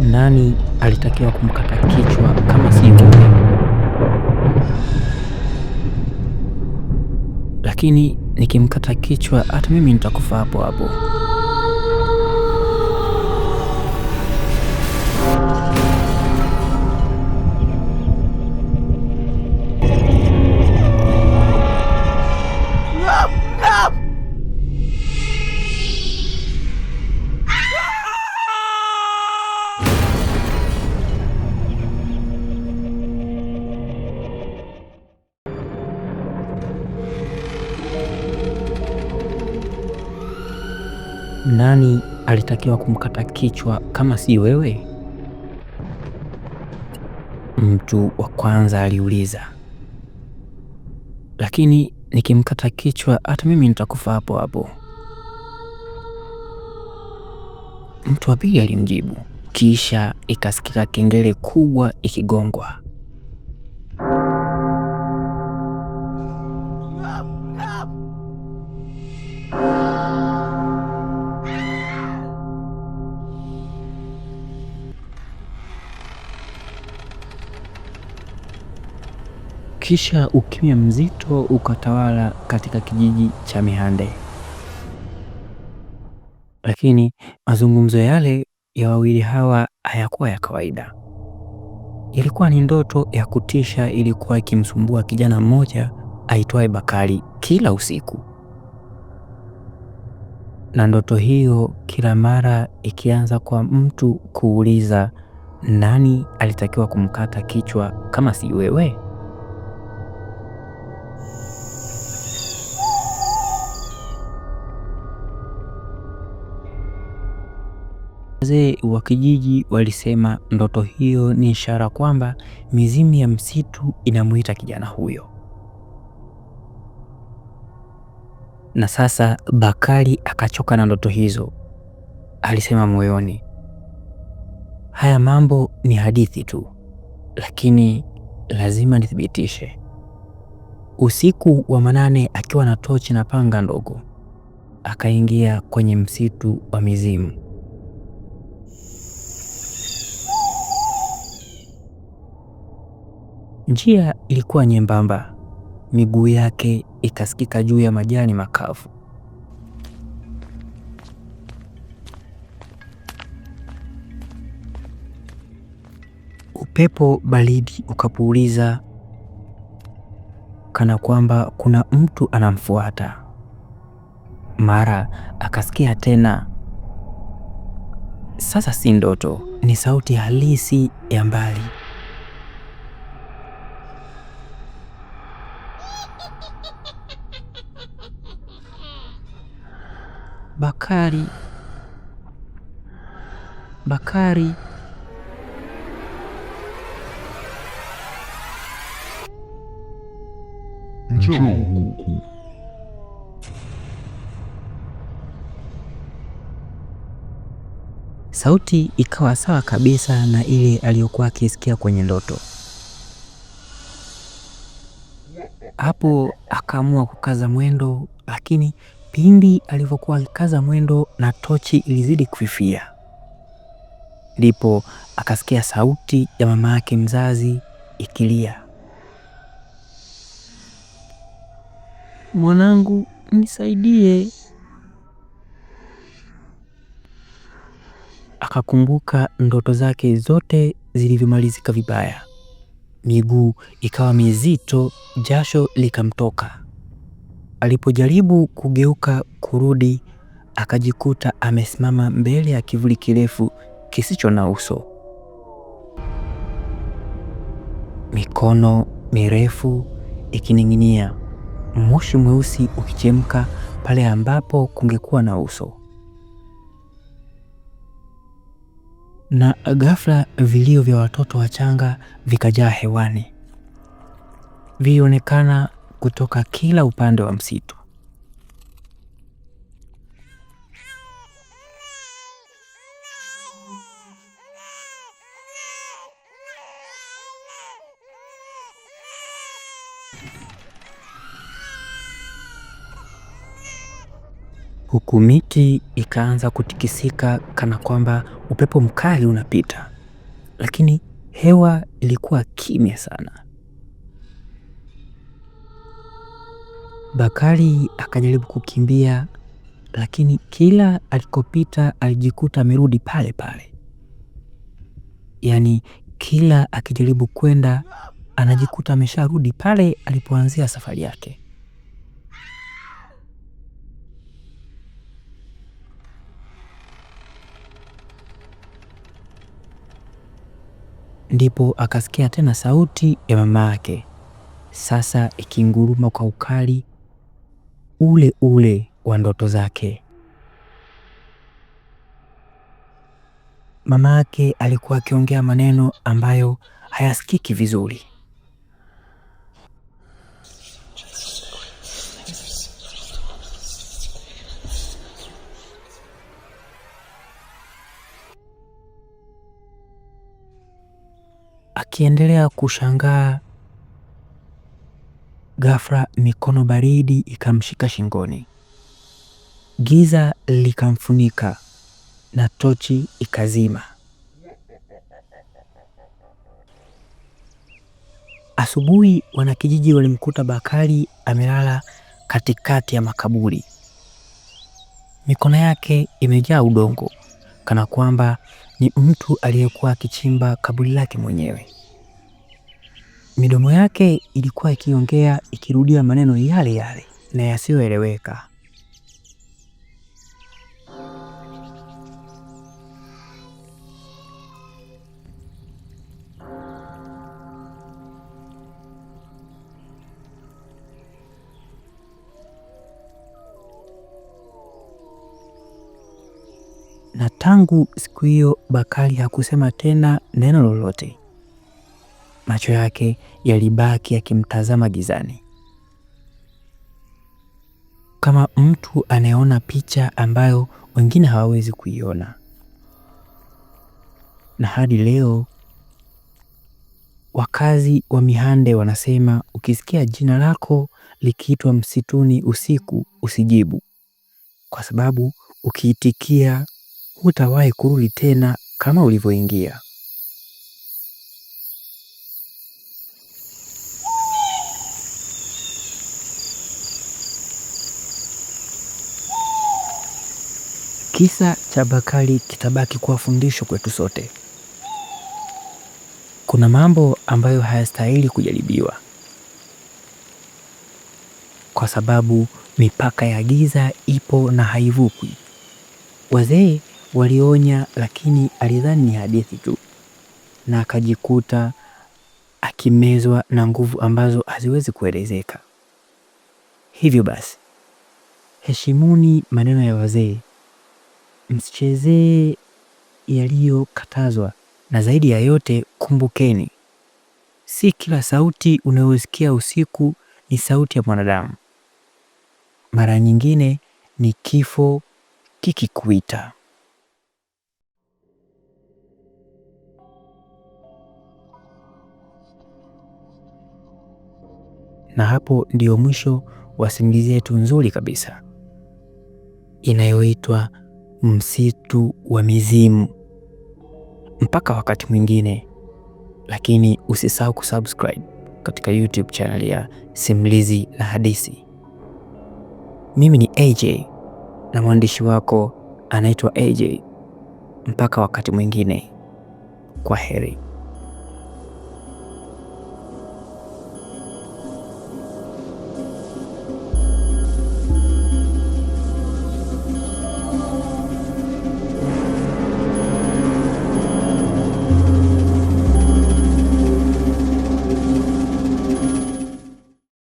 Nani alitakiwa kumkata kichwa kama si yule? Lakini nikimkata kichwa hata mimi nitakufa hapo hapo. Nani alitakiwa kumkata kichwa kama si wewe? Mtu wa kwanza aliuliza. Lakini nikimkata kichwa hata mimi nitakufa hapo hapo, mtu wa pili alimjibu. Kisha ikasikika kengele kubwa ikigongwa. Kisha ukimya mzito ukatawala katika kijiji cha Mihande, lakini mazungumzo yale ya wawili hawa hayakuwa ya kawaida. Ilikuwa ni ndoto ya kutisha, ilikuwa ikimsumbua kijana mmoja aitwaye Bakari kila usiku, na ndoto hiyo kila mara ikianza kwa mtu kuuliza nani alitakiwa kumkata kichwa kama si wewe? Wazee wa kijiji walisema ndoto hiyo ni ishara kwamba mizimu ya msitu inamuita kijana huyo. Na sasa Bakari akachoka na ndoto hizo. Alisema moyoni, haya mambo ni hadithi tu, lakini lazima nithibitishe. Usiku wa manane, akiwa na tochi na panga ndogo, akaingia kwenye msitu wa mizimu. Njia ilikuwa nyembamba, miguu yake ikasikika juu ya majani makavu. Upepo baridi ukapuuliza kana kwamba kuna mtu anamfuata. Mara akasikia tena, sasa si ndoto, ni sauti halisi ya mbali. Bakari, Bakari. Njoo huku. Sauti ikawa sawa kabisa na ile aliyokuwa akisikia kwenye ndoto. Hapo akaamua kukaza mwendo, lakini Pindi alivyokuwa alikaza mwendo na tochi ilizidi kufifia, ndipo akasikia sauti ya mama yake mzazi ikilia, mwanangu, nisaidie. Akakumbuka ndoto zake zote zilivyomalizika vibaya, miguu ikawa mizito, jasho likamtoka. Alipojaribu kugeuka kurudi, akajikuta amesimama mbele ya kivuli kirefu kisicho na uso. Mikono mirefu ikining'inia, moshi mweusi ukichemka pale ambapo kungekuwa na uso. Na ghafla vilio vya watoto wachanga vikajaa hewani, vilionekana kutoka kila upande wa msitu. Huku miti ikaanza kutikisika kana kwamba upepo mkali unapita, lakini hewa ilikuwa kimya sana. Bakari akajaribu kukimbia, lakini kila alikopita alijikuta amerudi pale pale. Yaani kila akijaribu kwenda anajikuta amesharudi pale alipoanzia safari yake. Ndipo akasikia tena sauti ya mama yake, sasa ikinguruma kwa ukali ule ule wa ndoto zake. Mama yake alikuwa akiongea maneno ambayo hayasikiki vizuri. Akiendelea kushangaa Ghafla mikono baridi ikamshika shingoni, giza likamfunika na tochi ikazima. Asubuhi wanakijiji walimkuta Bakari amelala katikati ya makaburi, mikono yake imejaa udongo, kana kwamba ni mtu aliyekuwa akichimba kaburi lake mwenyewe. Midomo yake ilikuwa ikiongea ikirudia maneno yale yale na yasiyoeleweka. Na tangu siku hiyo Bakari hakusema tena neno lolote macho yake yalibaki yakimtazama gizani, kama mtu anayeona picha ambayo wengine hawawezi kuiona. Na hadi leo wakazi wa Mihande wanasema ukisikia jina lako likiitwa msituni usiku, usijibu, kwa sababu ukiitikia hutawahi kurudi tena kama ulivyoingia. Kisa cha Bakari kitabaki kuwa fundisho kwetu sote. Kuna mambo ambayo hayastahili kujaribiwa, kwa sababu mipaka ya giza ipo na haivukwi. Wazee walionya, lakini alidhani ni hadithi tu, na akajikuta akimezwa na nguvu ambazo haziwezi kuelezeka. Hivyo basi, heshimuni maneno ya wazee msichezee yaliyokatazwa, na zaidi ya yote kumbukeni, si kila sauti unayosikia usiku ni sauti ya mwanadamu. Mara nyingine ni kifo kikikuita. Na hapo ndio mwisho wa simulizi yetu nzuri kabisa inayoitwa msitu wa mizimu. Mpaka wakati mwingine, lakini usisahau kusubscribe katika YouTube channel ya Simulizi la Hadithi. Mimi ni AJ na mwandishi wako anaitwa AJ. Mpaka wakati mwingine, kwa heri.